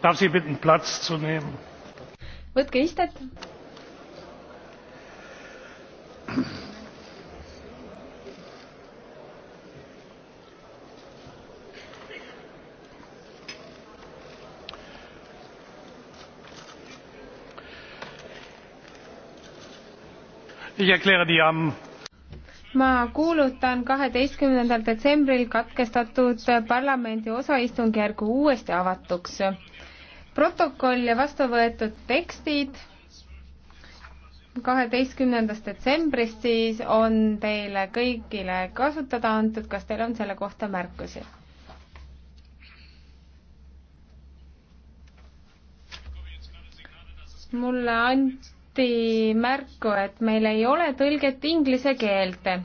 darf sie bitten platz zu nehmen. võtke istet. ich erkläre die am ma kuulutan kaheteistkümnendal detsembril katkestatud parlamendi osaistungjärgu uuesti avatuks protokoll ja vastu võetud tekstid kaheteistkümnendast detsembrist siis on teile kõigile kasutada antud, kas teil on selle kohta märkusi? mulle anti märku, et meil ei ole tõlget inglise keelde